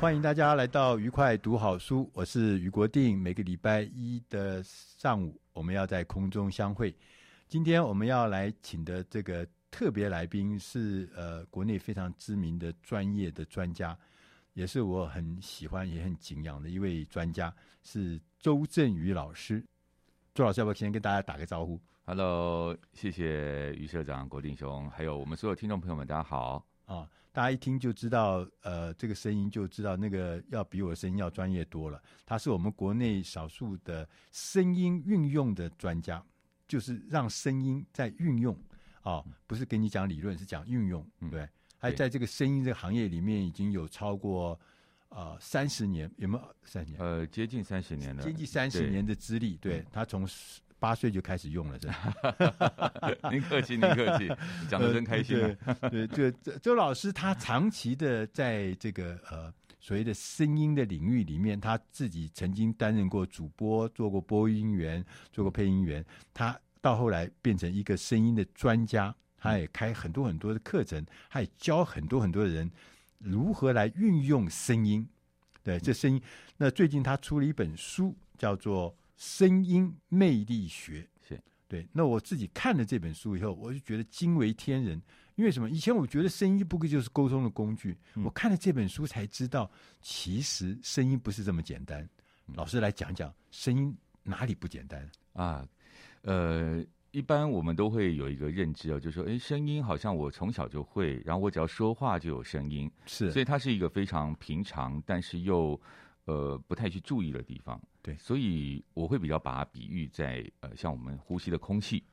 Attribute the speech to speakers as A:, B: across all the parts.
A: 歡迎大家來到愉快讀好書，我是於國定。每個禮拜一的上午，我們要在空中相會。今天我們要來請的這個特別來賓是呃，國內非常知名的專業的專家，也是我很喜歡也很敬仰的一位專家，是周震宇老師。
B: 周老師要不要先跟大家打個招呼？Hello，謝謝於社長、國定兄，還有我們所有聽眾朋友們，大家好。啊，大家一聽
A: 就知道，呃，這個聲音就知道那個要比我的聲音要專業多了。他是我們國內少數的聲音運用的專家，就是讓聲音在運用啊，不是跟你講理論，是講運用對、嗯。對，還在這個聲音這個行業裡面已經有超過呃三十年，有沒有三十年？呃，接近三十年了，接近三十年的資歷。對，他從。八歲就開始用了，是吧？ 您客氣，您客氣，講得真開心，啊呃。對，這周老師他長期的在這個呃所謂的聲音的領域裡面，他自己曾經擔任過主播，做過播音員，做過配音員。他到後來變成一個聲音的專家，他也開很多很多的課程，他也教很多很多的人如何來運用聲音。對，這聲音。嗯、那最近他出了一本書，叫做。聲音魅力學是，對。那我自己看了這本書以後，我就覺得驚為天人。因為什麼？以前我覺得聲音不過就是溝通的工具。嗯。我看了這本書才知道，其實聲音不是這麼簡單。嗯。老師來講講聲音哪裡不簡單
B: 啊？啊呃，一般我們都會有一個認知啊，就是說，哎，聲音好像我從小就會，然後我只要說話就有聲音，是。所以它是一個非常平常，但是又。呃，不太去注意的地方，對，所以我會比較把它比喻在呃，像我們呼吸的空氣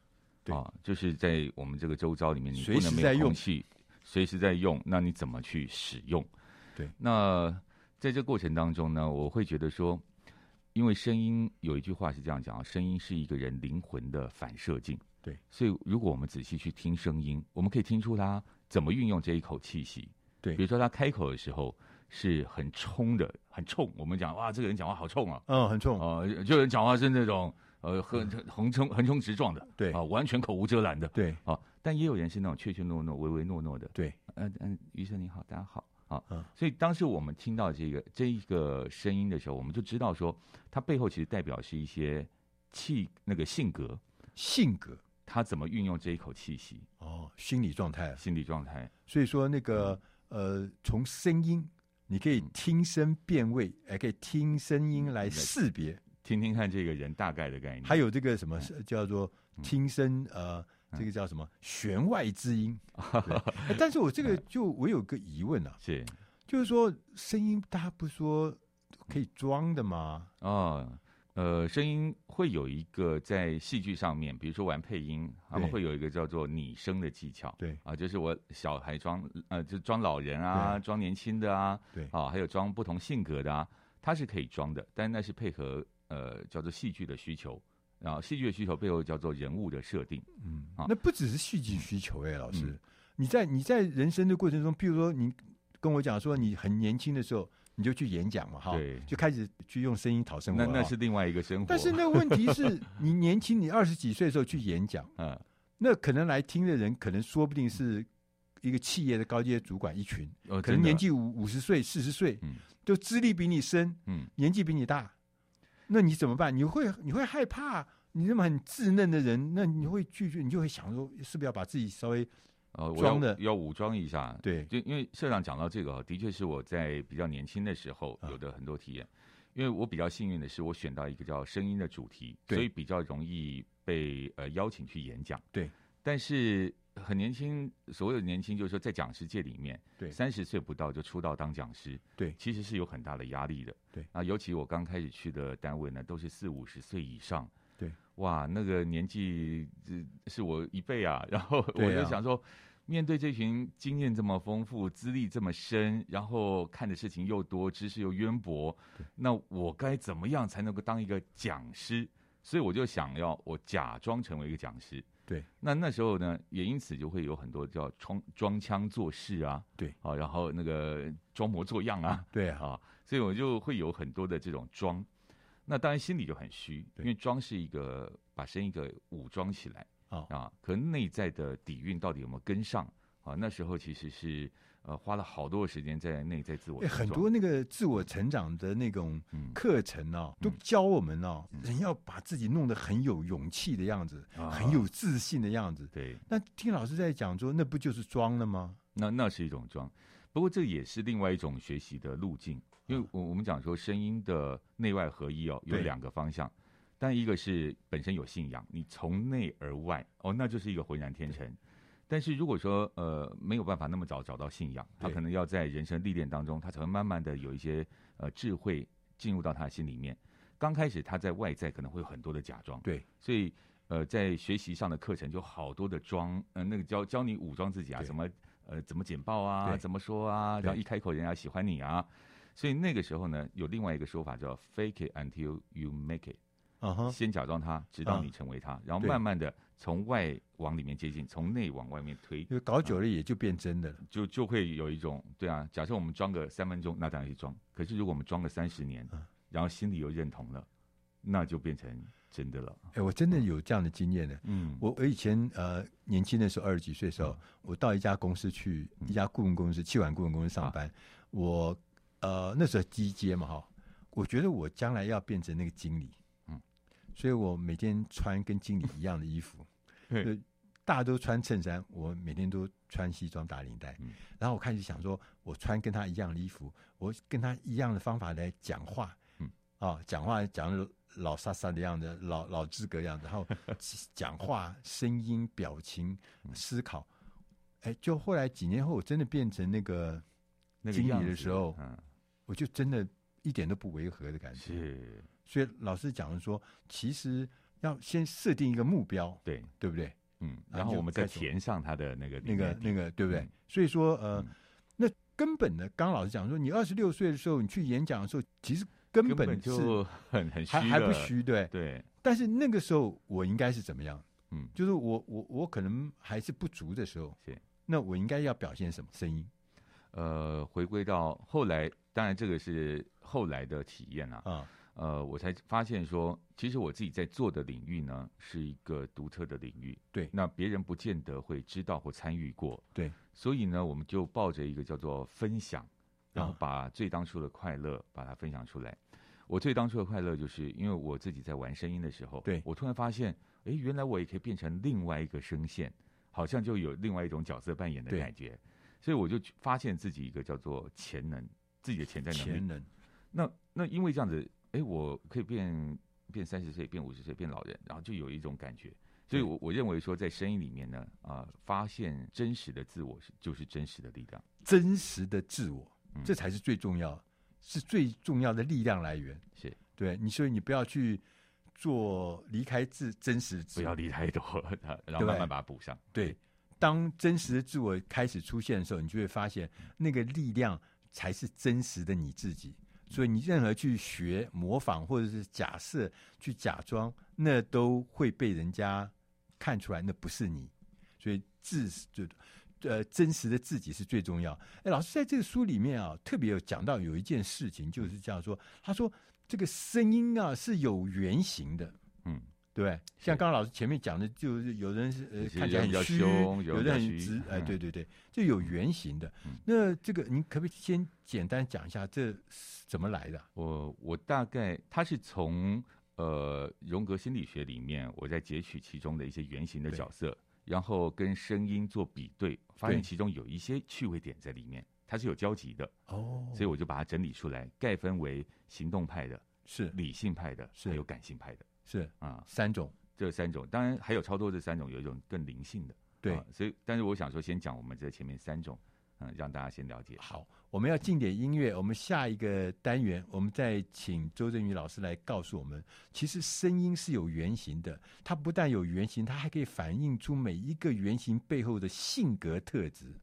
B: 對，啊，就是在我們這個周遭裡面，你不能沒有空氣隨時在用，隨時在用，那你怎麼去使用？對，那在這個過程當中呢，我會覺得說，因為聲音有一句話是這樣講，聲音是一個人靈魂的反射鏡，對，所以如果我們仔細去聽聲音，我們可以聽出他怎麼運用這一口氣息，對，比如說他開口的時候。是很衝的，很衝。我們講哇，這個人講話好衝啊！嗯，很衝啊、呃，就人講話是那種呃，橫橫衝橫衝直撞的，嗯、對啊、呃，完全口無遮攔的，對啊、呃。但也有人是那種怯怯懦懦，唯唯諾諾的，對。嗯、呃、嗯、呃，余生你好，大家好啊、呃嗯。所以當時我們聽到這個這一個聲音的時候，我們就知道說，他背後其實代表是一些氣那個性格性格，他怎麼運用這一口氣息哦？心理狀態，心理狀態。
A: 所以說那個呃，從聲音。你可以聽聲辨位，也可以聽聲音來識
B: 別，聽聽看這個人大概的概念。
A: 還有這個什麼叫做聽聲、嗯？呃，這個叫什麼？弦外之音。 但是我這個就我有個疑問啊， 是，就是說聲音大家不是說可以裝的嗎？
B: 啊、哦。呃，聲音會有一個在戲劇上面，比如說玩配音，他們會有一個叫做擬聲的技巧。對啊，就是我小孩裝，呃，就裝老人啊，裝年輕的啊，對，啊，還有裝不同性格的啊，它是可以裝的，但那是配合呃叫做戲劇的需求，然後戲劇的需求背後叫做人物的設定。嗯，啊，那不
A: 只是戲劇需求哎、欸，老師，嗯嗯、你在你在人生的過程中，譬如說你跟我講說你很年輕的時候。你就去演講嘛，哈，對，就開始去用聲音討生活。那那是另外一個生活。但是那個問題是 你年輕，你二十幾歲的時候去演講，嗯，那可能來聽的人可能說不定是一個企業的高階主管一群，哦、可能年紀五五十歲，四十歲，嗯，就資歷比你深，嗯，年紀比你大，嗯，那你怎麼辦？你會你會害怕？你那麼很稚嫩的人，那你會拒絕？你就會想說是不是要把自己稍微？呃、我，要
B: 要武裝一下，對，就因為社長講到這個，的確是我在比較年輕的時候有的很多體驗、啊，因為我比較幸運的是，我選到一個叫聲音的主題，所以比較容易被呃邀請去演講，對。但是很年輕，所有年輕就是說在講師界裡面，對，三十歲不到就出道當講師，對，其實是有很大的壓力的，對。啊，尤其我剛開始去的單位呢，都是四五十歲以上。哇，那個年紀是、呃、是我一輩啊，然後我就想說，對啊，面對這群經驗這麼豐富、資歷這麼深、然後看的事情又多、知識又淵博，那我該怎麼樣才能夠當一個講師？所以我就想要我假裝成為一個講師。對，那那時候呢，也因此就會有很多叫裝裝腔作勢啊，對啊，然後那個裝模作樣啊，對啊，所以我就會有很多的這種裝。那當然心裡就很虛，因為裝是一個把聲音給武裝起來、哦、啊，可能內在的底蘊到底有沒有跟上啊？那時候其實是呃花了好多的時間在內在自我、欸。很多
A: 那個自我成長的那種課程哦、啊嗯，都教我們哦、啊嗯，人要把自己弄得很有勇氣的樣子、啊，很有自信的樣
B: 子。對，那聽老師在講說，那不就是裝了嗎？那那是一種裝，不過這也是另外一種學習的路徑。因為我我們講說聲音的內外合一哦，有兩個方向，但一個是本身有信仰，你從內而外哦，那就是一個渾然天成。但是如果說呃沒有辦法那麼早找到信仰，他可能要在人生歷練當中，他才會慢慢的有一些呃智慧進入到他的心裡面。剛開始他在外在可能會有很多的假裝，對，所以呃在學習上的課程就好多的裝，呃那個教教你武裝自己啊，怎麼呃怎麼簡報啊，怎麼說啊，然後一開口人家喜歡你啊。所以那個時候呢，有另外一個說法叫 “fake it until you make it”，先假裝它，直到你成為它，然後慢慢的從外往裡面接近，從內往外面推。因為搞久了也就變真的了。就就會有一種對啊，假設我們裝個三分鐘，那這樣去裝；可是如果我們裝個三十年，然後心裡又認同了，那就變成真的了。
A: 哎，我真的有這樣的經驗呢。嗯，我我以前呃年輕的時候二十幾歲的時候，我到一家公司去，一家顧問公司，企管顧問公司上班，我。呃，那時候低階嘛哈，我覺得我將來要變成那個經理，嗯，所以我每天穿跟經理一樣的衣服，對、嗯，大家都穿襯衫，我每天都穿西裝打領帶、嗯，然後我開始想說，我穿跟他一樣的衣服，我跟他一樣的方法來講話，嗯，啊、哦，講話講老沙沙的樣子，老老資格的樣子，然後講話 聲音、表情、思考，哎、欸，就後來幾年後，我真的變成那個。那個、經理的時候、嗯，我就真的一點都不違和的感覺。所以老師講的說，其實要先設定一個目標，對，對不對？嗯，然後我們再填
B: 上他的那個那個、那個、那個，對不對？嗯、
A: 所以說，呃，嗯、那根本的，剛剛老師講說，你二十六歲的時候，你去演講的時候，其實根本是根本就很
B: 很虛，還還不虛，
A: 對對。但是那個時候，我應該是怎麼樣？嗯，就是我我我可能還是不足的時候，那我應該要表
B: 現什麼聲音？呃，回歸到後來，當然這個是後來的體驗啊。啊，呃，我才發現說，其實我自己在做的領域呢，是一個獨特的領域。對，那別人不見得會知道或參與過。對，所以呢，我們就抱着一個叫做分享，然後把最當初的快樂把它分享出來。啊、我最當初的快樂，就是因為我自己在玩聲音的時候，對我突然發現，哎、欸，原來我也可以變成另外一個聲線，好像就有另外一種角色扮演的感覺。對對所以我就發現自己一個叫做潛能，自己的潛能。潛能，那那因為這樣子，哎、欸，我可以變變三十歲，變五十歲，變老人，然後就有一種感覺。所以我，我我認為說，在聲音裡面呢，啊、呃，發現真實的自我就是真實的力量，
A: 真實的自我，這才是最重要，嗯、是最重要的力量來源。是對你，所以你不要去做離開自真實自，不要離太多，然後慢慢把它補上。對。對當真實的自我開始出現的時候，你就會發現那個力量才是真實的你自己。所以你任何去學模仿，或者是假設去假裝，那都會被人家看出來，那不是你。所以自就呃真實的自己是最重要。誒，老師在這個書裡面啊，特別有講到有一件事情，就是叫做，他說這個聲音啊是有原型的，嗯。對，像剛剛老師前面講的，是就是有人是呃看起來比較凶，有人很直，哎，對對對，就有原型的。嗯、那這個您可不可以
B: 先簡單講一下這是怎麼來的？嗯、我我大概它是從呃榮格心理學裡面，我在截取其中的一些原型的角色，然後跟聲音做比對，發現其中有一些趣味點在裡面，它是有交集的。哦，所以我就把它整理出來，概分為行動派的，是理性派的，是還有感性派的。是啊，三種、啊，這三種，當然還有超多這三種，有一種更靈性的，對，啊、所以，但是我想說，先講我們這前面三種，嗯，讓大家先了解。好，我們要進點音樂、嗯，我們下一個單元，我們再請周震宇老師來告訴我
A: 們，其實聲音是有原型的，它不但有原型，它還可以反映出每一個原型背後的性格特質。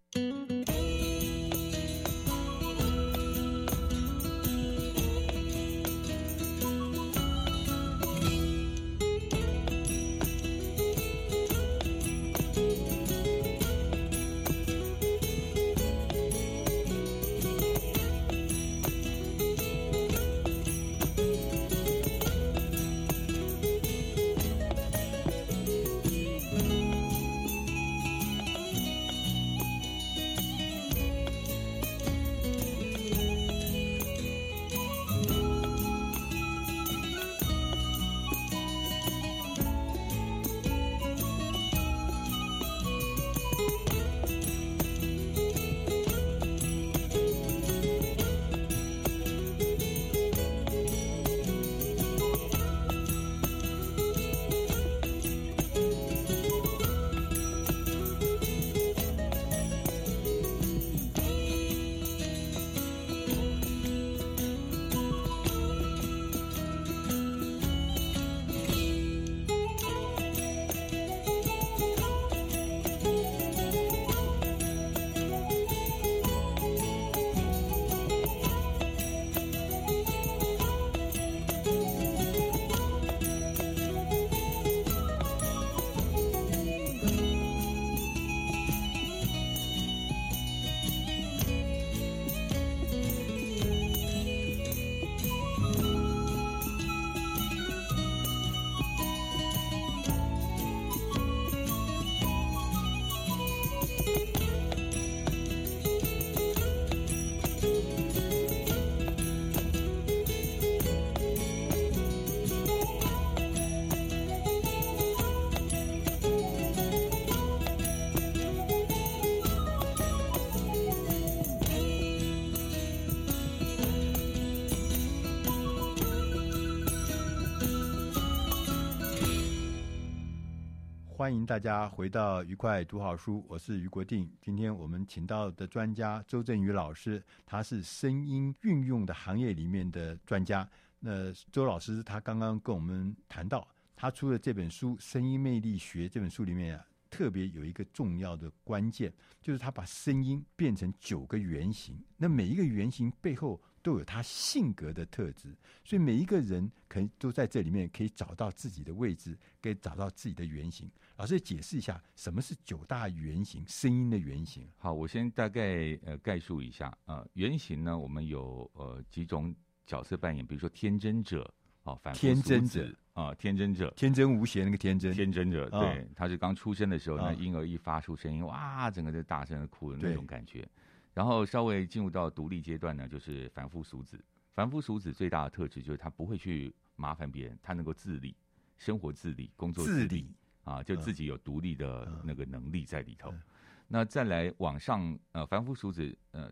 A: 歡迎大家回到愉快讀好書，我是於國定。今天我們請到的專家周震宇老師，他是聲音運用的行業裡面的專家。那周老師他剛剛跟我們談到，他出的這本書《聲音魅力學》這本書裡面啊，特別有一個重要的關鍵，就是他把聲音變成九個原型。那每一個原型背後都有他性格的特質，所以每一個人可能都在這裡面可以找到自己的位置，可以找到自己的原型。老師解釋一下，什麼是九大原型？聲音的原型。
B: 好，我先大概呃概述一下啊、呃。原型呢，我們有呃幾種角色扮演，比如說天真者啊，反、哦、天真者啊，天真者，天真無邪那個天真，天真者，對，他是剛出生的時候，那、哦、嬰兒一發出聲音、哦，哇，整個就大聲的哭的那種感覺。然後稍微進入到獨立階段呢，就是凡夫俗子。凡夫俗子最大的特質就是他不會去麻煩別人，他能夠自理，生活自理，工作自理。自理。啊，就自己有獨立的那個能力在裡頭、嗯嗯嗯，那再來往上，呃，凡夫俗子，呃，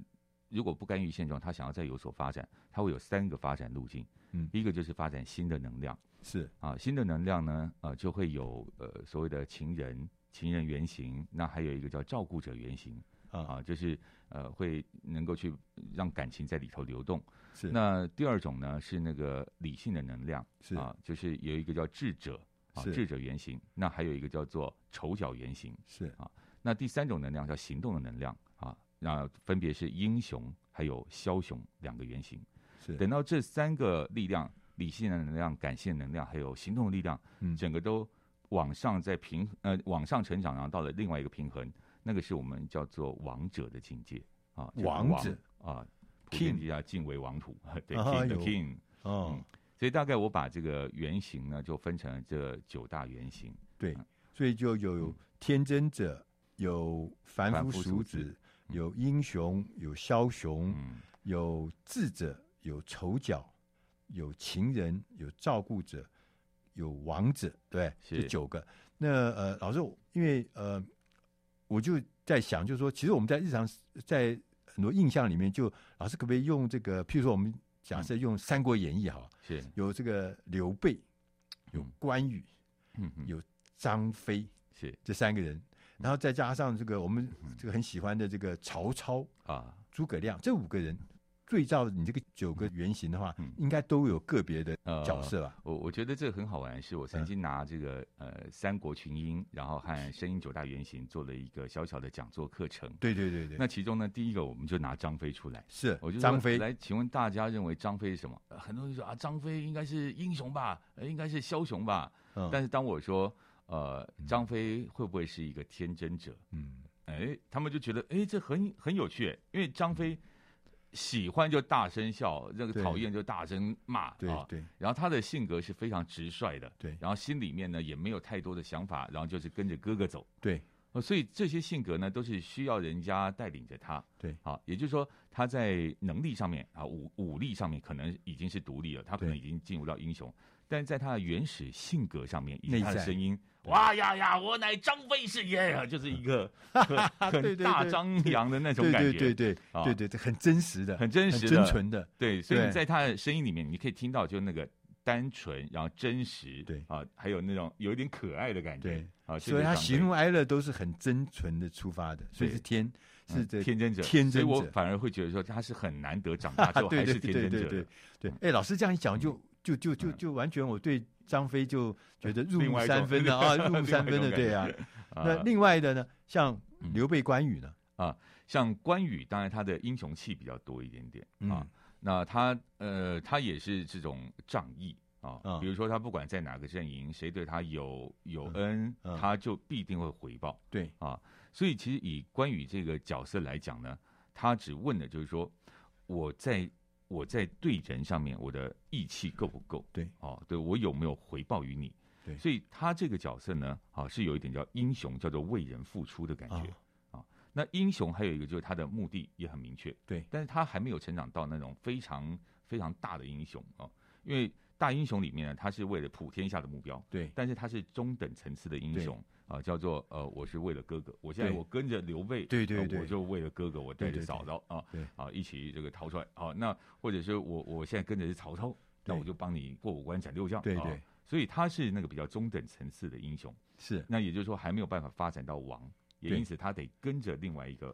B: 如果不甘於現狀，他想要再有所發展，他會有三個發展路徑。嗯，第一個就是發展新的能量，是啊，新的能量呢，呃，就會有呃所謂的情人、情人原型，那還有一個叫照顧者原型、嗯、啊，就是呃，會能夠去讓感情在裡頭流動。是，那第二種呢，是那個理性的能量，是啊，就是有一個叫智者。智者原型，那還有一個叫做丑角原型，是啊。那第三種能量叫行動的能量啊，那分別是英雄還有梟雄兩個原型。是，等到這三個力量——理性能量、感性能量還有行動力量——整個都往上在平、嗯、呃往上成長，然後到了另外一個平衡，那個是我們叫做王者的境界啊。就王者啊，King，普遍之下敬為王土，對、啊 King，啊哎、，king，嗯。哦所以大概我把這個原型呢，就分成了這九大原型
A: 啊。對，所以就有天真者、有凡夫俗子、有英雄、有梟雄、有智者、有丑角、有情人、有照顧者、有王者。對，這九個。那呃，老師，因為呃，我就在想，就是說，其實我們在日常在很多印象裡面，就老師可不可以用這個？譬如說我們。假設用《三國演義》哈，有這個劉備、嗯，有關羽、嗯，有張飛、嗯，是這三個人，然後再加上這個我們這個很喜歡的這個曹操啊，諸葛亮這五個人。對照你這個九個原型的話，應該都有個別的角色吧、嗯
B: 呃？我我覺得這個很好玩，是我曾經拿這個、嗯、呃三國群英，然後和聲音九大原型做了一個小小的講座課程。對對對對。那其中呢，第一個我們就拿張飛出來，是，我就張飛來，請問大家認為張飛是什麼？呃、很多人說啊，張飛應該是英雄吧，應該是梟雄吧、嗯。但是當我說呃張飛會不會是一個天真者？嗯，哎，他們就覺得哎這很很有趣，因為張飛、嗯。喜歡就大聲笑，那個討厭就大聲罵啊！對，然後他的性格是非常直率的，對，然後心裡面呢也沒有太多的想法，然後就是跟着哥哥走，對，所以這些性格呢都是需要人家帶領着他，對，啊，也就是說他在能力上面啊武武力上面可能已經是獨立了，他可能已經進入到英雄。但是在他的原始性格上面，那他的聲音，哇呀呀，我乃張飛是耶啊、嗯，就是一個很，很大張揚的那種感覺， 對，對對對，啊、對，對對對，很真實的，
A: 很真實的，很真純的，對。對所以，在
B: 他的聲音裡面，你可以聽到就那個單純，然後真實，對啊，還有那種有一點可愛的感覺，對。啊、所、以所以他喜
A: 怒哀樂都是很真純的出發的，所以是天，嗯、是天真者，天真者。所以我反而會覺得說他是很難
B: 得長大，哈哈之後還是天真者，對對，對，
A: 對，對，對對。哎、嗯欸，老師這樣一講就。嗯就就就就完全我對張飛就
B: 覺得入木三分的啊，入木三分的對啊。那另外的呢，像劉備關羽呢啊、嗯，像關羽當然他的英雄氣比較多一點點啊、嗯。那他呃他也是這種仗義啊啊，比如說他不管在哪個陣營，誰對他有有恩，他就必定會回報。對啊，所以其實以關羽這個角色來講呢，他只問的就是說我在。我在對人上面，我的義氣夠不夠、哦？對，哦，對我有沒有回報於你？對，所以他這個角色呢，啊、哦，是有一點叫英雄，叫做為人付出的感覺，啊、哦，那英雄還有一個就是他的目的也很明確，對，但是他還沒有成長到那種非常非常大的英雄啊、哦，因為。大英雄裡面呢，他是為了普天下的目標。對，但是他是中等層次的英雄啊，叫做呃，我是為了哥哥。我現在我跟着劉備，對對對、啊，我就為了哥哥，我帶着嫂嫂對對對啊，對對對啊，啊一起這個逃出來。好、啊，那或者是我我現在跟着是曹操，那、啊、我就幫你過五關斬六將。對對，對、啊，所以他是那個比較中等層次的英雄。是，那也就是說還沒有辦法發展到王，對對對，也因此他得跟着另外一個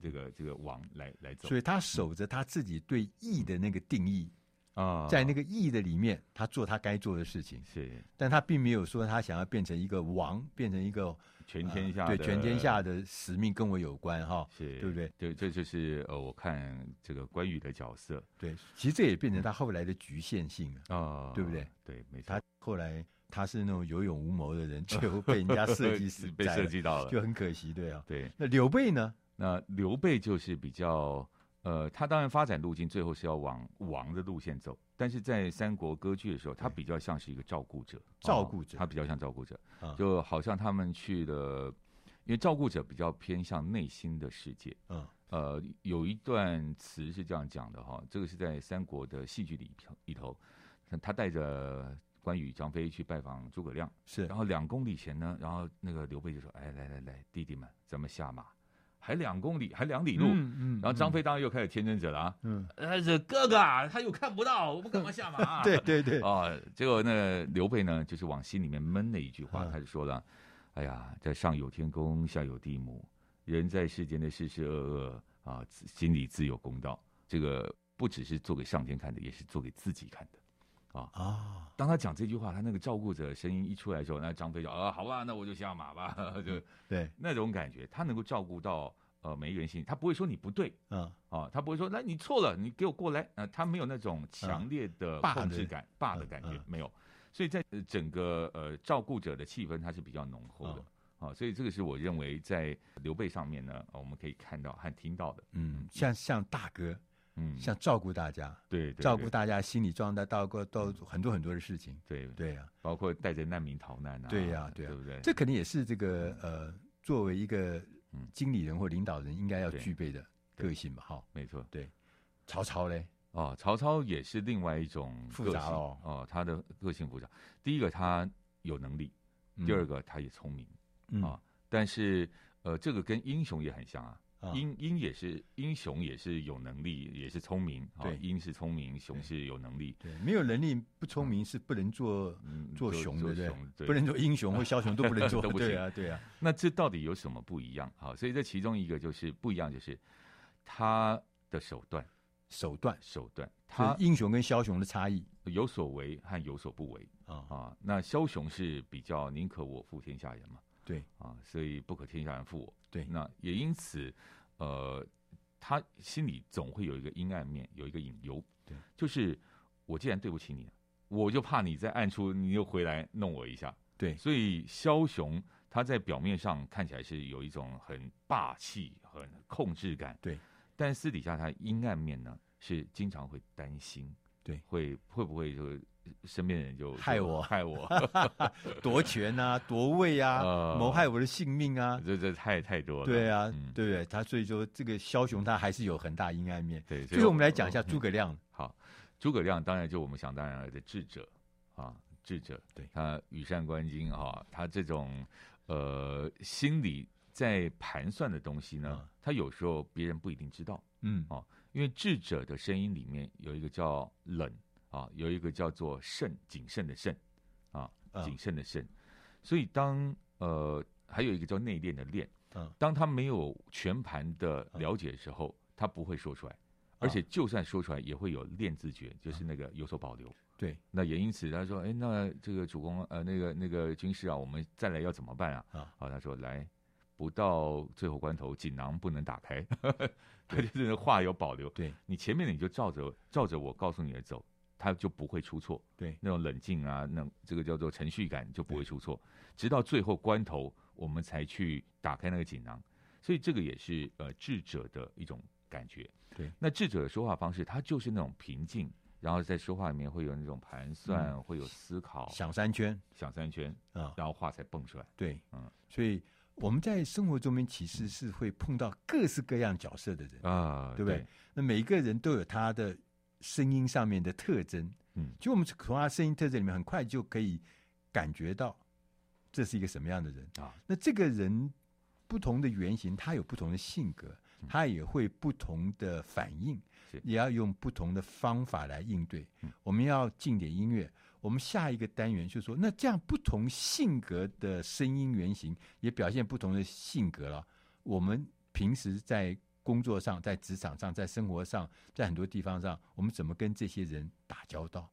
B: 這個、這個、這個王來來走。所以他
A: 守着他自己對義的那個定義。嗯啊、嗯，在那個意義的裡面，他做他該做的事情。是，但他並沒有說他想要變成一個王，變成一個全天下的、呃、對全天下
B: 的使命跟我有關哈，對不對？對，這就是呃，我看這個關羽的角色。對，
A: 其實這也變成他後來的局限
B: 性啊、嗯，對不對？對，沒錯。
A: 他後來他是那種有勇無謀的人，最後被人家設計死，被設計到了，就很可
B: 惜，對啊、哦。對。那劉備呢？那劉備就是比較。呃，他當然發展路徑最後是要往王的路線走，但是在三國割據的時候，他比較像是一個照顧者、哦，照顧者，他比較像照顧者，就好像他們去的，因為照顧者比較偏向內心的世界，嗯，呃，有一段詞是這樣講的哈、哦，這個是在三國的戲劇裡頭裡頭，他帶着關羽、張飛去拜訪諸葛亮，是，然後兩公里前呢，然後那個劉備就說，哎，來來來，弟弟們，咱們下馬。還兩公里，還兩里路嗯。嗯，然後張飛當然又開始天真者了啊。嗯。呃，哥哥，他又看不到，我們幹嘛下馬啊？ 對對對。啊，結果呢，劉備呢，就是往心裡面悶了一句話，他就說了：“哎呀，在上有天公，下有地母，人在世間的世事惡惡啊，心裡自有公道。這個不只是做給上天看的，也是做給自己看的。”啊、哦、啊！當他講這句話，他那個照顧者聲音一出來的時候，那張飛就啊、呃，好吧，那我就下馬吧，就對那種感覺，他能夠照顧到呃每一個人心，他不會說你不對，啊、嗯哦，他不會說那你錯了，你給我過來，啊、呃，他沒有那種強烈的控制感、啊、霸的、霸的感覺、嗯嗯、沒有，所以在整個呃照顧者的氣氛，他是比較濃厚的啊、嗯，所以這個是我認為在劉備上面呢，我們可以看到和聽到的，嗯，像像大哥。
A: 嗯，像照顧大家，對，照顧大家心理狀態，到過到很多很多的事情，對，對
B: 啊，包括帶着難民逃難啊，對呀、對對，對不對？這
A: 肯定也是這個呃，作為一
B: 個嗯經理人或領導人應該要具備的個性吧？哈、哦，沒錯，對。曹操嘞，哦，曹操也是另外一種複雜哦，哦，他的個性複雜。第一個他有能力，第二個他也聰明啊、嗯嗯哦，但是呃，這個跟英雄也很像啊。英英也是英雄，也是有能力，也是聰明、啊。對，英是聰明，雄是有能力對。對，沒有能力不聰明是不能做、嗯、做雄，的，對不對？不能做英雄或梟雄都不能做，啊對啊不，對啊。那這到底有什麼不一樣？好、啊，所以這其中一個就是不一樣，就是他的手段、手段、手段。手段是他英雄跟梟雄的差異，有所為和有所不為啊。啊，那梟雄是比較寧可我負天下人嘛？對啊，所以不可天下人負我。對，那也因此，呃，他心裡總會有一個陰暗面，有一個隱憂。對，就是我既然對不起你，我就怕你在暗處，你又回來弄我一下。對，所以梟雄他在表面上看起來是有一種很霸氣、很控制感。對，但私底下他陰暗面呢，是經常會擔心。對，會會不會就？身邊人就,就害我，害我奪 權啊，奪位啊、呃，謀害我的性命啊，這這太太多了。對啊，對不對？他所以說，這個梟雄他還是有很大陰暗面。對，所以我們來講一下諸、嗯、葛亮、嗯。好，諸葛亮當然就我們想當然的智者啊，智者。對他羽扇綸巾哈，他這種呃心裡在盤算的東西呢、嗯，他有時候別人不一定知道、啊。嗯啊，因為智者的聲音裡面有一個叫冷。啊，有一個叫做慎謹慎的慎，啊，啊，謹慎的慎，所以當呃還有一個叫內斂的斂，當他沒有全盤的了解的時候，他不會說出來，而且就算說出來也會有斂字訣，就是那個有所保留。對，那也因此他說，哎，那這個主公呃那個那個軍師啊，我們再來要怎麼辦啊？啊，他說來不到最後關頭，錦囊不能打開， 他就是話有保留。對，你前面的你就照着照着我告訴你的走。他就不會出錯，對那種冷靜啊，那這個叫做程序感就不會出錯。直到最後關頭，我們才去打開那個錦囊，所以這個也是呃智者的一種感覺。對，那智者的說話方式，他就是那種平靜，然後在說話裡面會有那種盤算、嗯，會有思考，想三圈，想三圈啊、嗯，然後話才蹦出來。對，嗯，所以
A: 我們在生活中面其實是會碰到各式各樣角色的人、
B: 嗯、啊，對不對，
A: 對？那每一個人都有他的。聲音上面的特徵，嗯，就我們從他聲音特徵裡面，很快就可以感覺到這是一個什麼樣的人啊。那這個人不同的原型，他有不同的性格、嗯，他也會不同的反應，也要用不同的方法來應對、嗯。我們要進點音樂，我們下一個單元就是說，那這樣不同性格的聲音原型也表現不同的性格了。我們平時在。工作上，在職場上，在生活上，在很多地方上，我們怎麼跟這些人打交道？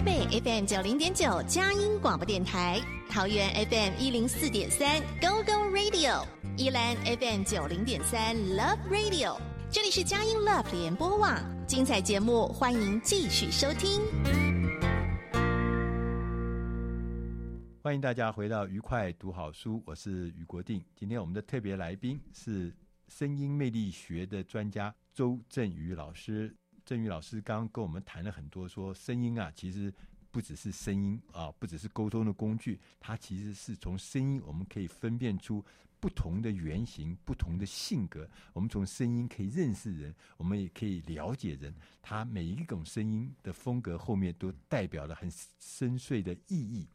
A: 台北 FM 九零點九佳音廣播電台，桃園 FM 一零四點三 Go Go Radio，宜蘭 FM 九零點三 Love Radio，這裡是佳音 Love 聯播網，精彩節目歡迎繼續收聽。歡迎大家回到愉快讀好書，我是於國定，今天我們的特別來賓是聲音魅力學的專家周震宇老師。震宇老師剛剛跟我們談了很多，說聲音啊，其實不只是聲音啊，不只是溝通的工具，它其實是從聲音我們可以分辨出不同的原型、不同的性格。我們從聲音可以認識人，我們也可以了解人。它每一種聲音的風格後面都代表了很深邃的意義。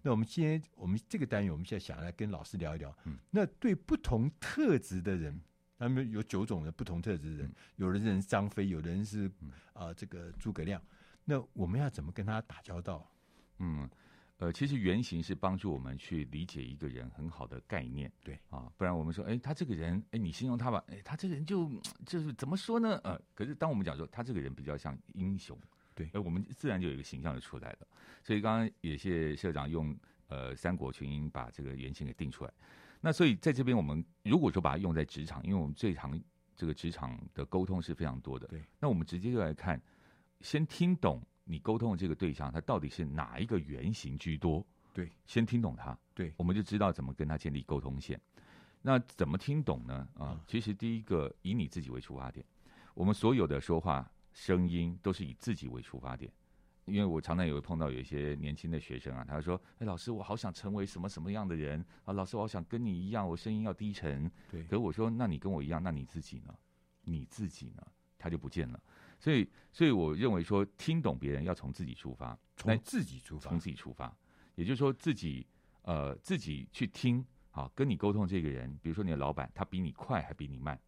A: 那我們今天，我們這個單元，我們現在想來跟老師聊一聊。嗯，那對不同特質的人。他們有九種的不同的特質的人，有的人是張飛，有的人是啊、呃、這個諸葛亮。那我們要怎麼跟他打交道？
B: 嗯，呃，其實原型是幫助我們去理解一個人很好的概念。對啊，不然我們說，哎、欸，他這個人，哎、欸，你形容他吧。哎、欸，他這個人就就是怎麼說呢？呃，可是當我們講說他這個人比較像英雄，對，哎，我們自然就有一個形象就出來了。所以剛剛也謝社長用呃三國群英把這個原型給定出來。那所以在這邊，我們如果說把它用在職場，因為我們最常這個職場的溝通是非常多的。對，那我們直接就來看，先聽懂你溝通的這個對象，他到底是哪一個原型居多？對，先聽懂他，對，我們就知道怎麼跟他建立溝通線。那怎麼聽懂呢？啊，其實第一個以你自己為出發點，我們所有的說話聲音都是以自己為出發點。因為我常常也會碰到有一些年輕的學生啊，他說：“哎，老師，我好想成為什麼什麼樣的人啊？老師，我好想跟你一樣，我聲音要低沉。”對。可是我說：“那你跟我一樣，那你自己呢？你自己呢？”他就不見了。所以，所以我認為說，聽懂別人要從自己出發，從自己出發，從自己出發，也就是說，自己呃，自己去聽啊，跟你溝通這個人，比如說你的老闆，他比你快還比你慢，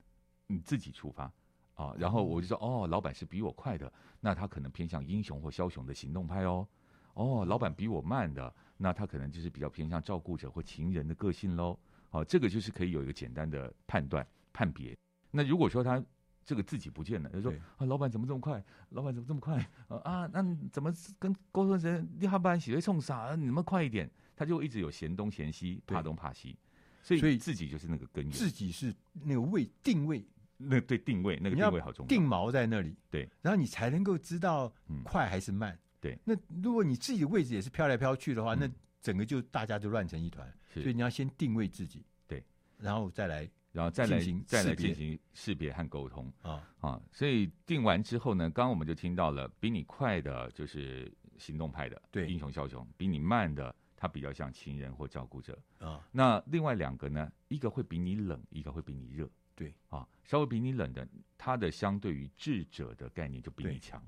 B: 你自己出發。啊，然後我就說，哦，老闆是比我快的，那他可能偏向英雄或梟雄的行動派哦。哦，老闆比我慢的，那他可能就是比較偏向照顧者或情人的個性嘍。好、啊，這個就是可以有一個簡單的判斷判別。那如果說他這個自己不見了，他就說啊，老闆怎麼這麼快？老闆怎麼這麼快？啊，那你怎麼跟溝通人立下班，洗杯送啥？你們快一點，他就一直有嫌東嫌西，怕東怕西，所以所以自己就是那個根源，自己是那個位定位。那對定位，那個定位好重要。要定錨在那裡，
A: 對，然後你才能夠知道快還是慢。對，那如果你自己的位置也是飄來飄去的話，嗯，那整個就大家就亂成一團。所以你要先定位自己，對，然後
B: 再來，然後再來，再來進行識別和溝通啊啊。所以定完之後呢，剛剛我們就聽到了，比你快的就是行動派的，對，英雄梟雄；比你慢的，他比較像情人或照顧者啊。那另外兩個呢，一個會比你冷，一個會比你熱。對啊，稍微比你冷的，他的相對於智者的概念就比你強。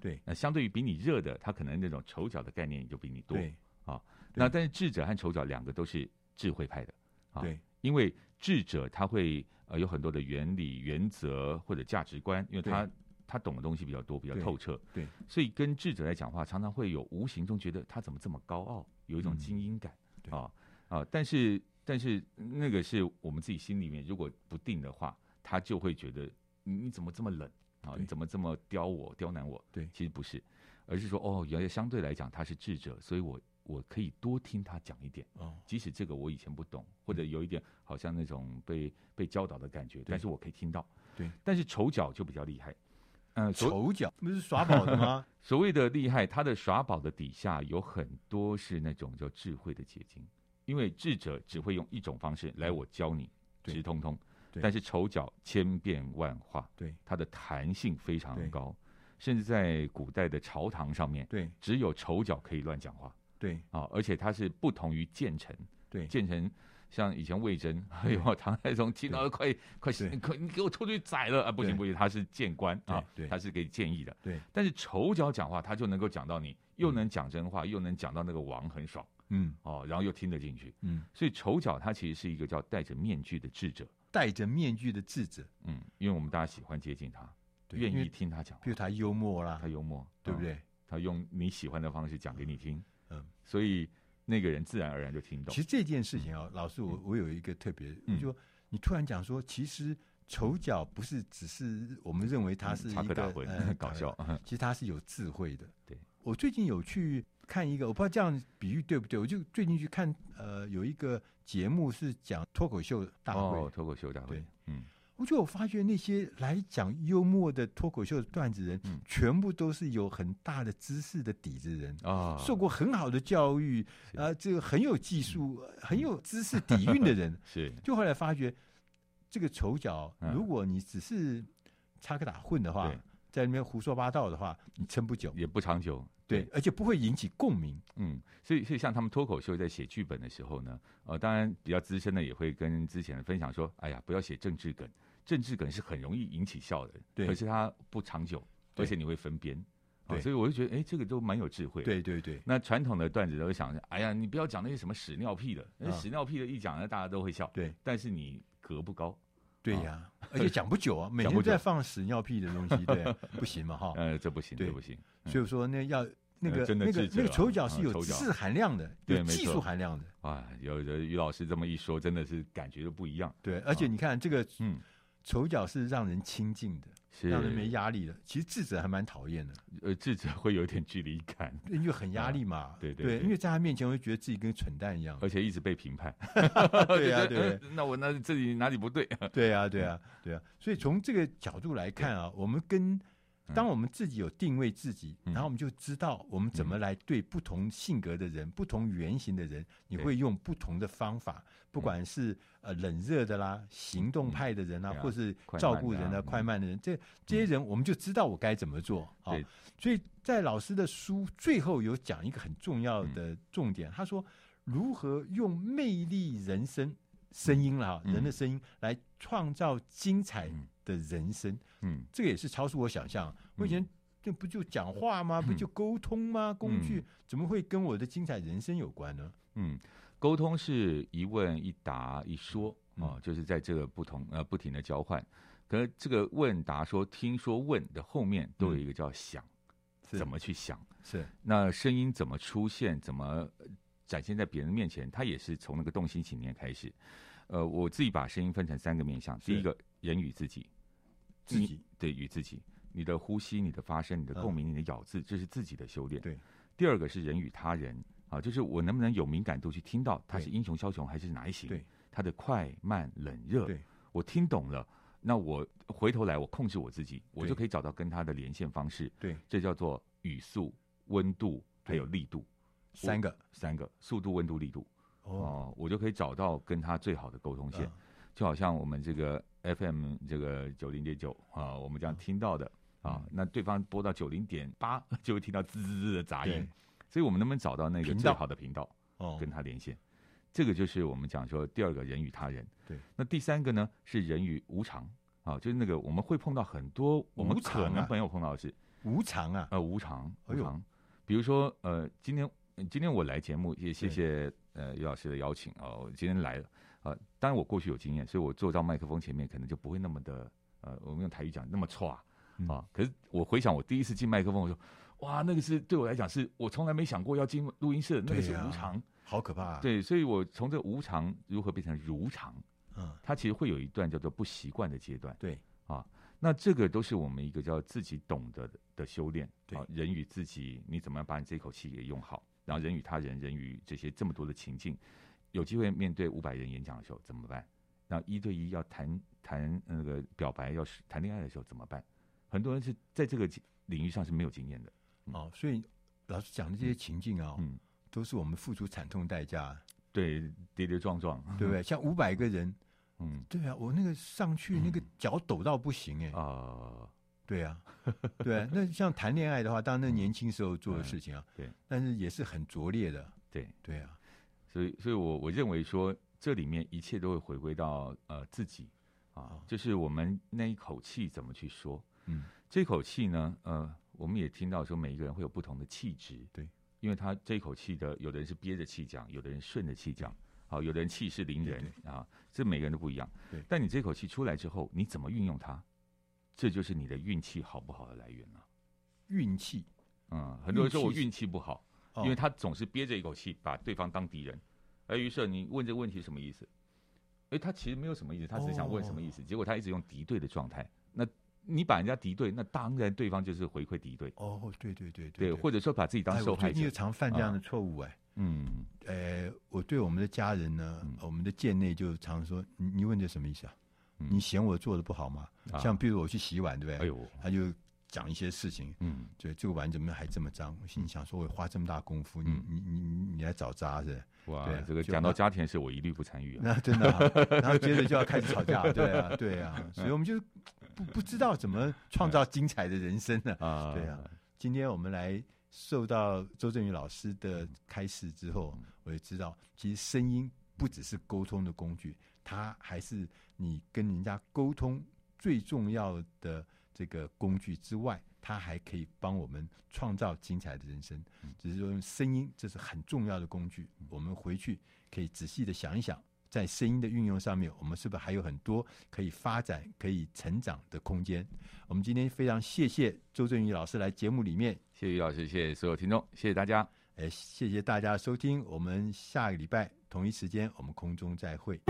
B: 對，對那相對於比你熱的，他可能那種丑角的概念就比你多。對啊，那但是智者和丑角兩個都是智慧派的。啊、對，因為智者他會呃有很多的原理、原則或者價值觀，因為他他懂的東西比較多，比較透徹。對。對，所以跟智者來講話，常常會有無形中覺得他怎麼這麼高傲，有一種精英感。嗯、對啊啊，但是。但是那個是我們自己心裡面，如果不定的話，他就會覺得你怎麼這麼冷啊？你怎麼這麼刁我、刁難我？對，其實不是，而是說哦，原來相對來講他是智者，所以我我可以多聽他講一點。嗯，即使這個我以前不懂，或者有一點好像那種被被教導的感覺，但是我可以聽到。對，但是丑角就比較厲害。嗯，丑角不是耍寶的嗎？所謂的厲害，他的耍寶的底下有很多是那種叫智慧的結晶。因為智者，只會用一種方式來，我教你直通通。但是丑角千變萬化，對，對，它的彈性非常高，甚至在古代的朝堂上面，對，只有丑角可以亂講話，對啊，而且他是不同於諫臣，對，諫臣像以前魏徵，哎呦唐太宗聽到快快快，你給我出去宰了啊，不行不行，他是諫官啊，他是給建議的對，對，但是丑角講話，他就能夠講到你，又能講真話，嗯、又能講到那個王很爽。嗯哦，然後又聽得進去，嗯，所以丑角他其實是一個叫戴着面具的智者，戴着面具的智者，嗯，因為我們大家喜歡接近他，對，願意聽他講話，比如他幽默啦，他幽默，對不對、哦？他用你喜歡的方式講給你聽，嗯，所以那個人自然而然就聽懂。其實這件事情啊、哦嗯，老師，我我有一個特別，嗯，
A: 就說你突然講說，其實丑角不是只是我們認為他是一個、嗯，插科打諢，嗯，搞笑，嗯、搞笑，其實他是有智慧的。嗯、對，我最近有去。看一個，我不知道這樣比喻對不對。我就最近去看，呃，有一個節目是講脫口秀大會、哦、脫口
B: 秀大會，脫口秀大會。嗯，
A: 我覺得我發覺那些來講幽默的脫口秀的段子人、嗯，全部都是有很大的知識的底子的人啊、哦，受過很好的教育啊，這個、呃、很有技術、很有知識底蘊的人。是、嗯嗯。就後來發覺，這個丑角，如果你只是插科打諢的話，嗯、在裡面
B: 胡說八道的話，你撐不久，也不長久。對，而且不會引起共鳴。嗯，所以所以像他們脫口秀在寫劇本的時候呢，呃，當然比較資深的也會跟之前的分享說：“哎呀，不要寫政治梗，政治梗是很容易引起笑的，對，可是它不長久，而且你會分邊。對”對、哦，所以我就覺得，哎，這個都蠻有智慧。對對對。那傳統的段子都會想：哎呀，你不要講那些什麼屎尿屁的，那屎尿屁的一講呢，大家都會笑。對、啊，但是你格不高。對呀、啊啊，而且講不久啊， 久每天都在放屎尿屁
A: 的東西，對、啊， 不行嘛哈。哎、呃，這不行，這不行。
B: 嗯、所以說那，那要、個、
A: 那個、嗯、那個那個丑角是有質含、嗯、含量的，對，技術含量
B: 的。啊，有，有於老師這麼一說，真的是感覺都不一樣。對，而且
A: 你看、啊、這個，嗯。醜角是讓人親近的，
B: 是讓人沒
A: 壓力的。其實智
B: 者，還蠻討厭的，呃，智者會有一點距離感，因為很壓力嘛。啊、對對，對，對，因為在他
A: 面前，會覺得自己跟蠢蛋一樣，
B: 而且一直被評判。 對啊對，對，對，那我那這裡哪裡不對？對啊對啊對啊，對啊。
A: 所以從這個角度來看啊，我們跟。嗯、當我們自己有定位自己，然後我們就知道我們怎麼來對不同性格的人、嗯、不同原型的人、嗯，你會用不同的方法，嗯、不管是呃冷熱的啦、行動派的人啊，嗯、或是照顧人、啊、快的、啊、快慢的人，嗯、這這些人我們就知道我該怎麼做好、嗯哦，所以在老師的書最後有講一個很重要的重點，他、嗯、說如何用魅力人聲，聲音了哈、嗯，人的聲音來創造精彩。嗯的人生，嗯，這個也是超出我想象。我以前
B: 就不就講話嗎？嗯、不就
A: 溝通嗎？嗯、工具
B: 怎麼會跟我的精彩人生有關呢？嗯，溝通是一問一答一說啊、嗯哦，就是在這個不同呃不停的交換。可是這個問答說聽說問的後面都有一個叫想，嗯、怎麼去想？是，是那聲音怎麼出現？怎麼展現在別人面前？它也是從那個動心起念開始。呃，我自己把聲音分成三個面向，第一個人與自己。自己對於自己，你的呼吸、你的發聲、你的共鳴、你的咬字，這是自己的修煉。對，第二個是人與他人啊，就是我能不能有敏感度去聽到他是英雄梟雄還是哪一型，對，他的快慢冷熱。我聽懂了，那我回頭來我控制我自己，我就可以找到跟他的連線方式。對，這叫做語速、溫度還有力度，三個，三個速度、溫度、力度。哦，我就可以找到跟他最好的溝通線，就好像我們這個。FM 這個九零點九啊，我們這樣聽到的啊、嗯，那對方播到九零點八就會聽到滋滋滋的雜音，所以我們能不能找到那個最好的頻道，跟他連線？這個就是我們講說第二個人與他人。對，那第三個呢是人與無常啊，就是那個我們會碰到很多，我們可能朋友碰到的是無常啊，呃無常、啊、無常、哎，比如說呃今天今天我來節目也謝謝呃於老師的邀請，哦我今天來了。啊、呃，當然我過去有經驗，所以我坐到麥克風前面可能就不會那麼的，呃，我們用台語講那麼錯啊，啊，嗯、可是我回想我第一次進麥克風，我說，哇，那個是對我來講是我從來沒想過要進錄音室，那個是無常，啊、好可怕、啊。對，所以我從這無常如何變成如常，嗯，它其實會有一段叫做不習慣的階段。對，啊，那這個都是我們一個叫自己懂得的修煉，對、啊，人與自己，你怎麼樣把你這口氣也用好，然後人與他人，人與這些這麼多的情境。有機會面對五百人演講的時候怎麼辦？然後一對一要談談那個表白，要是談戀愛的時候怎麼辦？很多人是在這個領域上是沒有經驗的哦、嗯啊。所以老師講的這些情境啊，嗯，都是我們
A: 付出慘痛代價、啊嗯，
B: 對，跌跌撞撞，對不對？像五百個人，嗯，
A: 對啊，我那個上去、嗯、那個腳抖到不行哎、欸，哦、嗯，對啊， 對啊，那像談戀愛的話，當然那年輕時候做的事情啊、嗯嗯，對，但是也是很拙劣的，對，對啊。
B: 所以，所以我我認為說，這裡面一切都會回歸到呃自己啊，就是我們那一口氣怎麼去說。嗯，這口氣呢，呃，我們也聽到說每一個人會有不同的氣質。對，因為他這口氣的，有的人是憋着氣講，有的人順着氣講，好、啊，有的人氣勢凌人，對對對啊，這每個人都不一樣。對，但你這口氣出來之後，你怎麼運用它？這就是你的運氣好不好的來源了、
A: 啊。運氣，
B: 啊、嗯，很多人說我運氣不好。因為他總是憋着一口氣，把對方當敵人，哎，於是你問這問題什麼意思？哎，他其實沒有什麼意思，他只是想問什麼意思。結果他一直用敵對的狀態，那你把人家敵對，那當然對方就是回饋敵對。哦，對對對對。對，或者說把自己當受害者。哎，我最常犯這樣的
A: 錯誤哎。嗯，哎，哎，哎，哎，哎，我對我們的家人呢，我們的賤內就常說你：“你問這什麼意思啊？你嫌我做的不好嗎？”像比如我去洗碗，對不對？哎呦，他就。講一些事情，嗯，就這個碗怎麼還這麼髒？我、嗯、心想，說我花這麼大功夫，嗯、你你你你來找碴是，是？哇，對、啊，這個講到家
B: 庭事，是我一律不參與、啊。那真的， 然後接着就要開始吵架，對啊，對啊，所以我們
A: 就不 不知道怎麼創造精彩的人生呢？啊，對啊。今天我們來受到周震宇老師的開示之後，嗯、我就知道，其實聲音不只是溝通的工具，它還是你跟人家溝通最重要的。這個工具之外，它還可以幫我們創造精彩的人生。只是說聲音，這是很重要的工具。嗯、我們回去可以仔細的想一想，在聲音的運用上面，我們是不是還有很多可以發展、可以成長的空間？我們今天非常謝謝周震宇老師來節目裡面。謝謝於老師，謝謝所有聽眾，謝謝大家。哎，謝謝大家的收聽，我們下個禮拜同一時間我們空中再會。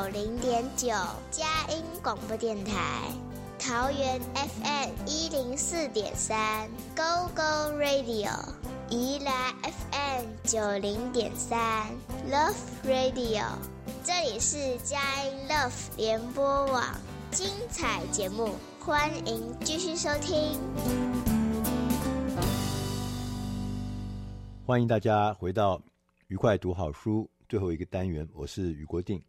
C: 九零點九，佳音廣播電台，桃園 FM 一零四點三，Go Go Radio，宜蘭 FM 九零點三，Love Radio，這裡是佳音 Love 聯播網，精彩節目，歡迎繼續收聽。
A: 歡迎大家回到愉快讀好書最後一個單元，我是余國定。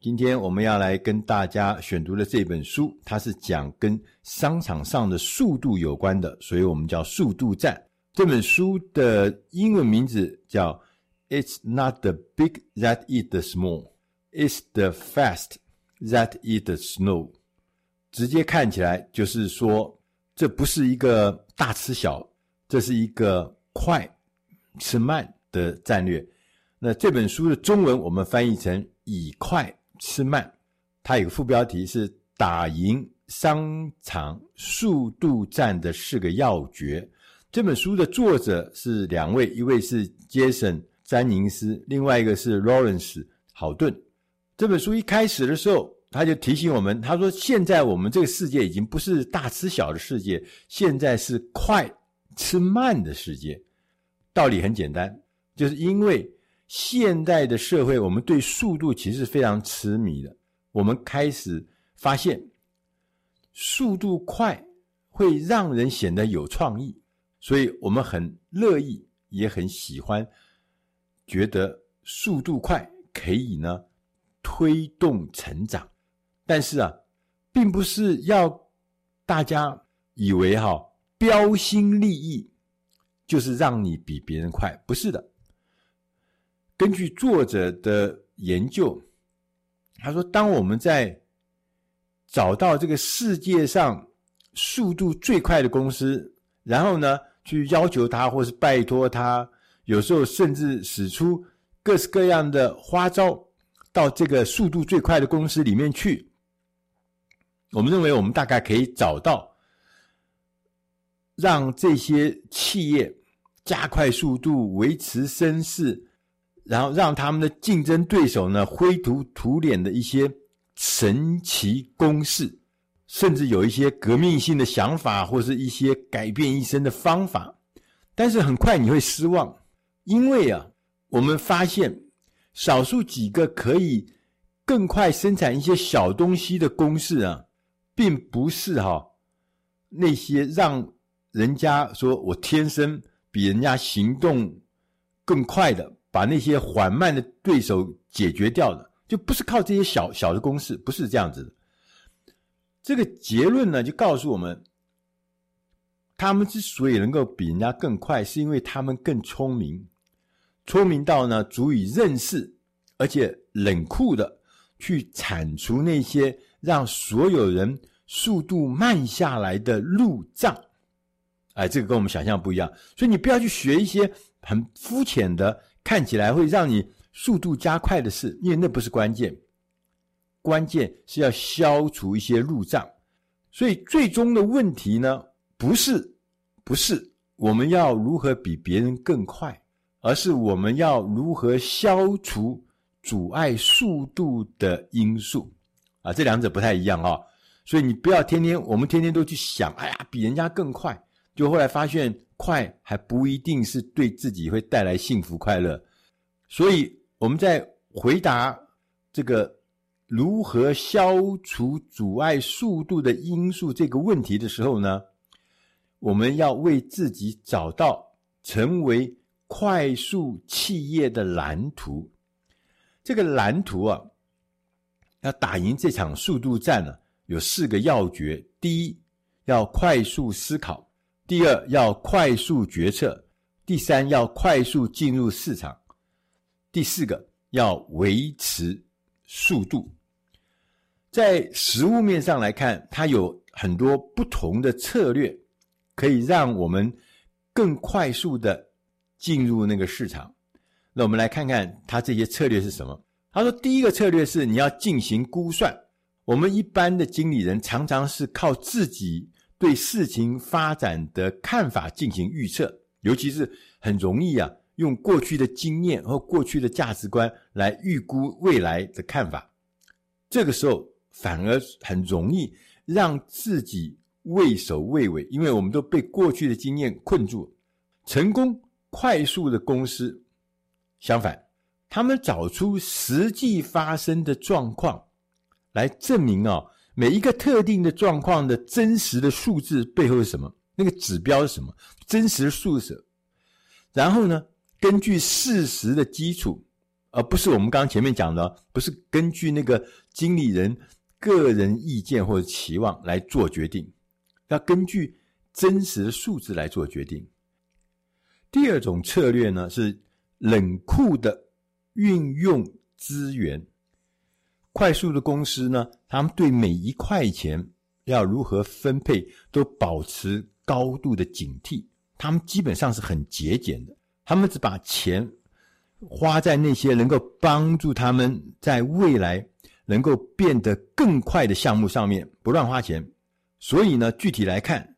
A: 今天我們要來跟大家選讀的這本書，它是講跟商場上的速度有關的，所以我們叫速度戰。這本書的英文名字叫《It's Not the Big That eat the Small, It's the Fast That eat the snow》。直接看起來就是說，這不是一個大吃小，這是一個快吃慢的戰略。那這本書的中文我們翻譯成“以快”。吃慢，它有個副標題是“打贏商場速度戰的四個要訣”。這本書的作者是兩位，一位是 Jason 詹寧斯，另外一個是 Lawrence 豪頓。這本書一開始的時候，他就提醒我們，他說：“現在我們這個世界已經不是大吃小的世界，現在是快吃慢的世界。道理很簡單，就是因為。”現代的社會，我們對速度其實是非常癡迷的。我們開始發現，速度快會讓人顯得有創意，所以我們很樂意，也很喜歡，覺得速度快可以呢推動成長。但是啊，並不是要大家以為哈標新立異就是讓你比別人快，不是的。根據作者的研究，他說：“當我們在找到這個世界上速度最快的公司，然後呢，去要求他，或是拜託他，有時候甚至使出各式各樣的花招，到這個速度最快的公司裡面去。我們認為，我們大概可以找到讓這些企業加快速度，維持升勢。”然後讓他們的競爭對手呢，灰頭土土臉的一些神奇公式，甚至有一些革命性的想法，或是一些改變一生的方法，但是很快你會失望，因為啊，我們發現少數幾個可以更快生產一些小東西的公式啊，並不是哈、哦、那些讓人家說我天生比人家行動更快的。把那些緩慢的對手解決掉了，就不是靠這些小小的公式，不是這樣子的。這個結論呢，就告訴我們，他們之所以能夠比人家更快，是因為他們更聰明，聰明到呢足以認識，而且冷酷的去鏟除那些讓所有人速度慢下來的路障。哎，這個跟我們想象不一樣，所以你不要去學一些很膚淺的。看起來會讓你速度加快的事，因為那不是關鍵，關鍵是要消除一些路障。所以最終的問題呢，不是不是我們要如何比別人更快，而是我們要如何消除阻礙速度的因素啊。這兩者不太一樣啊、哦，所以你不要天天我們天天都去想，哎呀，比人家更快。就後來發現，快還不一定是對自己會帶來幸福快樂。所以我們在回答這個如何消除阻礙速度的因素這個問題的時候呢，我們要為自己找到成為快速企業的藍圖。這個藍圖啊，要打贏這場速度戰呢啊，有四個要訣：第一，要快速思考。第二要快速決策，第三要快速進入市場，第四個要維持速度。在實務面上來看，它有很多不同的策略，可以讓我們更快速的進入那個市場。那我們來看看它這些策略是什麼。他說，第一個策略是你要進行估算。我們一般的經理人常常是靠自己。對事情發展的看法進行預測，尤其是很容易啊，用過去的經驗和過去的價值觀來預估未來的看法。這個時候反而很容易讓自己畏首畏尾，因為我們都被過去的經驗困住。成功快速的公司，相反，他們找出實際發生的狀況來證明啊。每一個特定的狀況的真實的數字背後是什麼？那個指標是什麼？真實的數字。然後呢，根據事實的基礎，而不是我們剛剛前面講的，不是根據那個經理人個人意見或者期望來做決定，要根據真實的數字來做決定。第二種策略呢，是冷酷的運用資源。快速的公司呢，他們對每一塊錢要如何分配都保持高度的警惕。他們基本上是很節儉的，他們只把錢花在那些能夠幫助他們在未來能夠變得更快的項目上面，不亂花錢。所以呢，具體來看，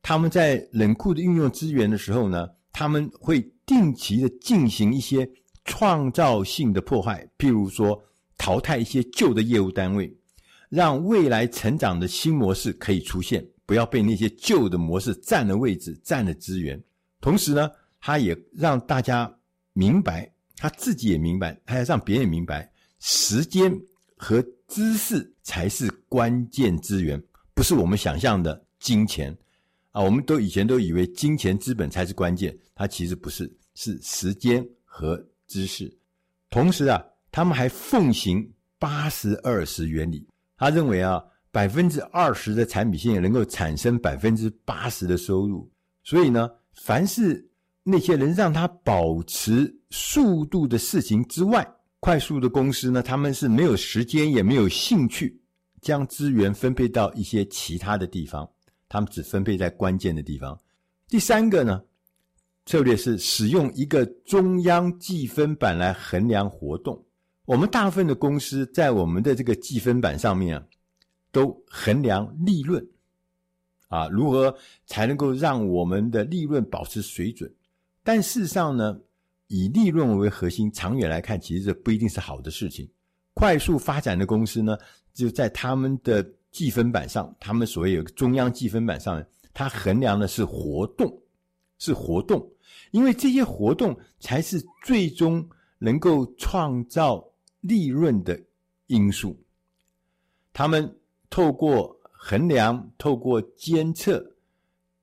A: 他們在冷酷的運用資源的時候呢，他們會定期的進行一些創造性的破壞，譬如說。淘汰一些舊的業務單位，讓未來成長的新模式可以出現，不要被那些舊的模式佔了位置、佔了資源。同時呢，他也讓大家明白，他自己也明白，他要讓別人明白，時間和知識才是關鍵資源，不是我們想象的金錢啊。我們都以前都以為金錢資本才是關鍵，它其實不是，是時間和知識。同時啊。他們還奉行八十二十原理。他認為啊20，百分之二十的產品線能夠產生百分之八十的收入。所以呢，凡是那些能讓他保持速度的事情之外，快速的公司呢，他們是沒有時間也沒有興趣將資源分配到一些其他的地方。他們只分配在關鍵的地方。第三個呢，策略是使用一個中央計分板來衡量活動。我們大部分的公司在我們的這個計分板上面啊，都衡量利潤，啊，如何才能夠讓我們的利潤保持水準？但事實上呢，以利潤為核心，長遠來看，其實這不一定是好的事情。快速發展的公司呢，就在他們的計分板上，他們所謂有個中央計分板上面，它衡量的是活動，是活動，因為這些活動才是最終能夠創造。利潤的因素，他們透過衡量，透過監測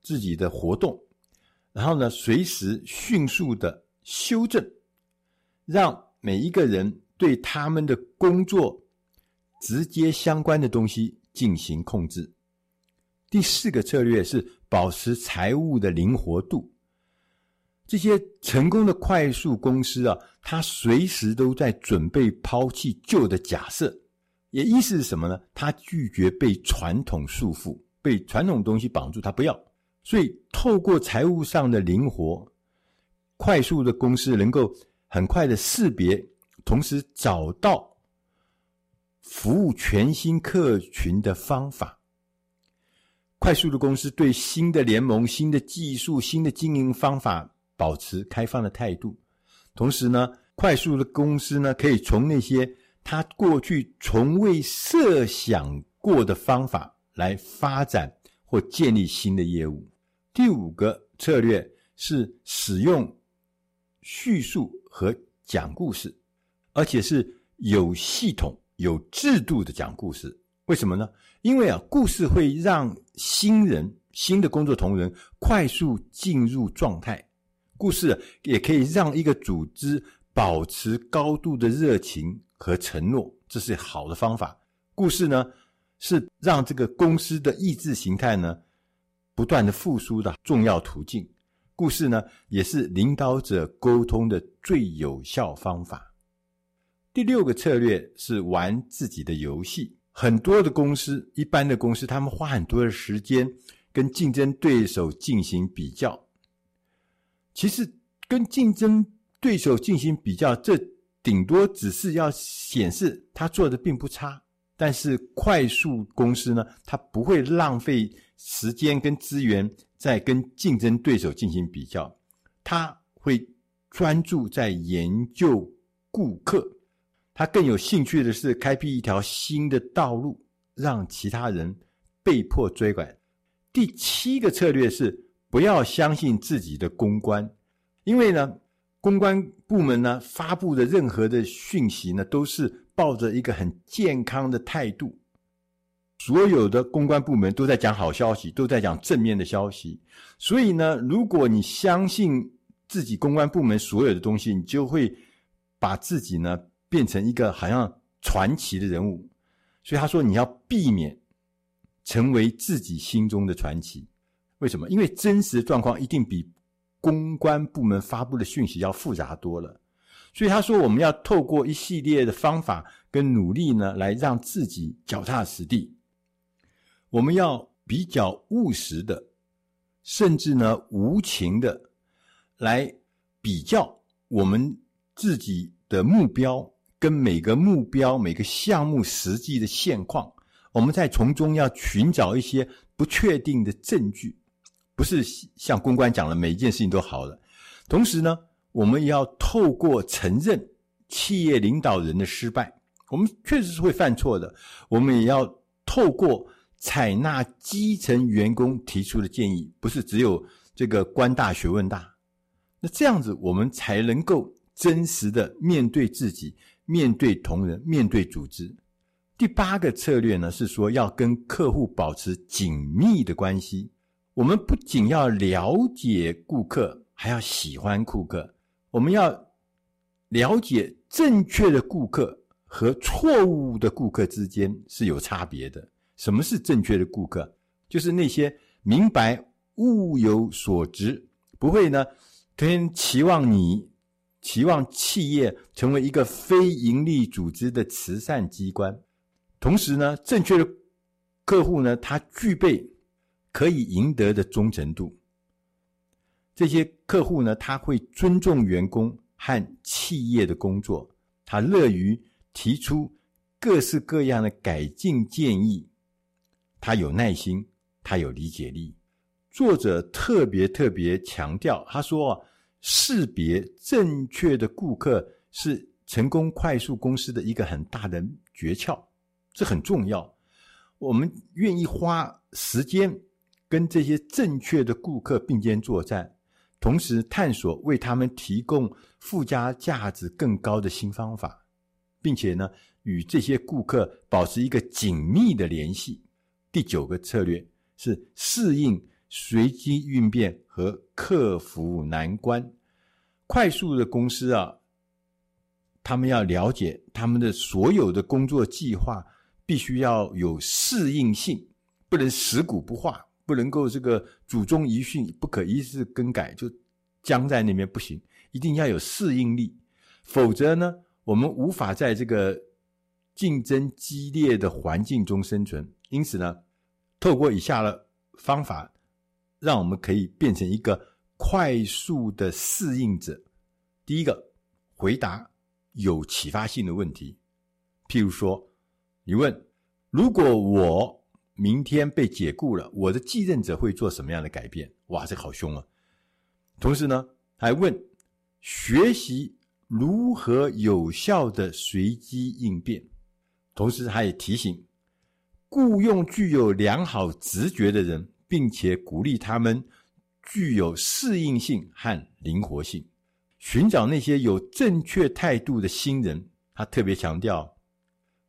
A: 自己的活動，然後呢，隨時迅速的修正，讓每一個人對他們的工作直接相關的東西進行控制。第四個策略是保持財務的靈活度。這些成功的快速公司啊，他隨時都在準備拋棄舊的假設，也意思是什麼呢？他拒絕被傳統束縛，被傳統東西綁住，他不要。所以，透過財務上的靈活，快速的公司能夠很快的識別，同時找到服務全新客群的方法。快速的公司對新的聯盟、新的技術、新的經營方法。保持開放的態度，同時呢，快速的公司呢，可以從那些他過去從未設想過的方法來發展或建立新的業務。第五個策略，是使用敘述和講故事，而且是有系統、有制度的講故事。為什麼呢？因為啊，故事會讓新人、新的工作同仁快速進入狀態。故事也可以讓一個組織保持高度的熱情和承諾，這是好的方法。故事呢，是讓這個公司的意識形態呢，不斷的復甦的重要途徑。故事呢，也是領導者溝通的最有效方法。第六個策略是玩自己的遊戲。很多的公司，一般的公司，他們花很多的時間跟競爭對手進行比較。其實跟競爭對手進行比較，這頂多只是要顯示他做的並不差。但是快速公司呢，他不會浪費時間跟資源在跟競爭對手進行比較，他會專注在研究顧客，他更有興趣的是開闢一條新的道路，讓其他人被迫追趕。第七個策略是。不要相信自己的公關，因為呢，公關部門呢發布的任何的訊息呢，都是抱着一個很健康的態度。所有的公關部門都在講好消息，都在講正面的消息。所以呢，如果你相信自己公關部門所有的東西，你就會把自己呢變成一個好像傳奇的人物。所以他說，你要避免成為自己心中的傳奇。為什麼？因為真實的狀況一定比公關部門發布的訊息要複雜多了。所以他說，我們要透過一系列的方法跟努力呢，來讓自己腳踏實地。我們要比較務實的，甚至呢無情的，來比較我們自己的目標跟每個目標、每個項目實際的現況。我們再從中要尋找一些不確定的證據。不是像公關講的每一件事情都好了，同時呢，我們也要透過承認企業領導人的失敗，我們確實是會犯錯的。我們也要透過採納基層員工提出的建議，不是只有這個官大學問大。那這樣子，我們才能夠真實的面對自己，面對同仁，面對組織。第八個策略呢，是說要跟客戶保持緊密的關係。我們不僅要了解顧客，還要喜歡顧客。我們要了解正確的顧客和錯誤的顧客之間是有差別的。什麼是正確的顧客？就是那些明白物有所值，不會呢，天天期望你，期望企業成為一個非盈利組織的慈善機關。同時呢，正確的客戶呢，他具備。可以贏得的忠誠度，這些客戶呢，他會尊重員工和企業的工作，他樂於提出各式各樣的改進建議，他有耐心，他有理解力。作者特別特別強調，他說：識別正確的顧客是成功快速公司的一個很大的訣竅，這很重要。我們願意花時間。跟這些正確的顧客並肩作戰，同時探索為他們提供附加價值更高的新方法，並且呢，與這些顧客保持一個緊密的聯繫。第九個策略是適應隨機應變和克服難關。快速的公司啊，他們要了解他們的所有的工作計劃必須要有適應性，不能食古不化。不能夠這個祖宗遺訓，不可一世更改，就僵在那邊不行，一定要有適應力，否則呢，我們無法在這個競爭激烈的環境中生存。因此呢，透過以下的方法，讓我們可以變成一個快速的適應者。第一個，回答有啟發性的問題，譬如說，你問，如果我。明天被解雇了，我的繼任者會做什麼樣的改變？哇，這個好凶啊！同時呢，還問學習如何有效的隨機應變，同時他也提醒，雇傭具有良好直覺的人，並且鼓勵他們具有適應性和靈活性，尋找那些有正確態度的新人。他特別強調，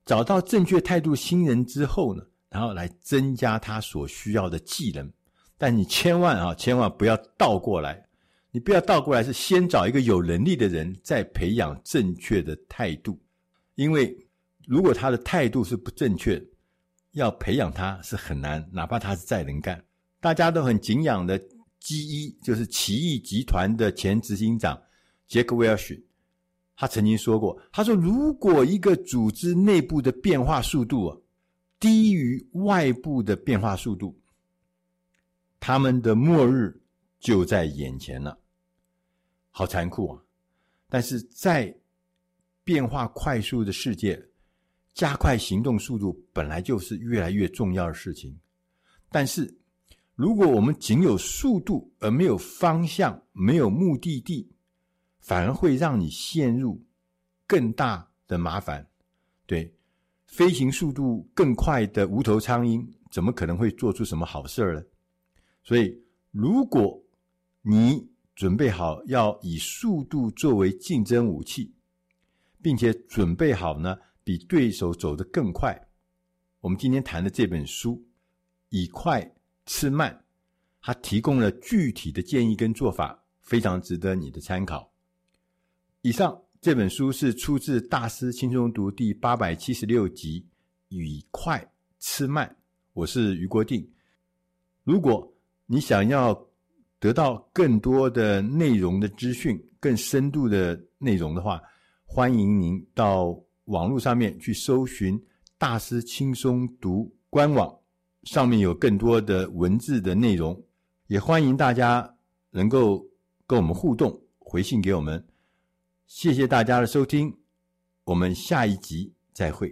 A: 找到正確態度新人之後呢？然後來增加他所需要的技能，但你千萬啊，千萬不要倒過來，你不要倒過來，是先找一個有能力的人，再培養正確的態度。因為如果他的態度是不正確，要培養他是很難，哪怕他是再能幹。大家都很敬仰的 GE，就是奇異集團的前執行長傑克威爾許，他曾經說過，他說如果一個組織內部的變化速度啊低於外部的變化速度，他們的末日就在眼前了，好殘酷啊！但是在變化快速的世界，加快行動速度本來就是越來越重要的事情。但是如果我們僅有速度而沒有方向、沒有目的地，反而會讓你陷入更大的麻煩，對。飛行速度更快的無頭蒼蠅，怎麼可能會做出什麼好事兒呢？所以，如果你準備好要以速度作為競爭武器，並且準備好呢，比對手走得更快，我們今天談的這本書《以快吃慢》，它提供了具體的建議跟做法，非常值得你的參考。以上。這本書是出自《大師輕鬆讀》第八百七十六集，語《以快吃慢》。我是余國定。如果你想要得到更多的內容的資訊、更深度的內容的話，歡迎您到網絡上面去搜尋《大師輕鬆讀》官網，上面有更多的文字的內容。也歡迎大家能夠跟我們互動，回信給我們。謝謝大家的收聽，我們下一集再會。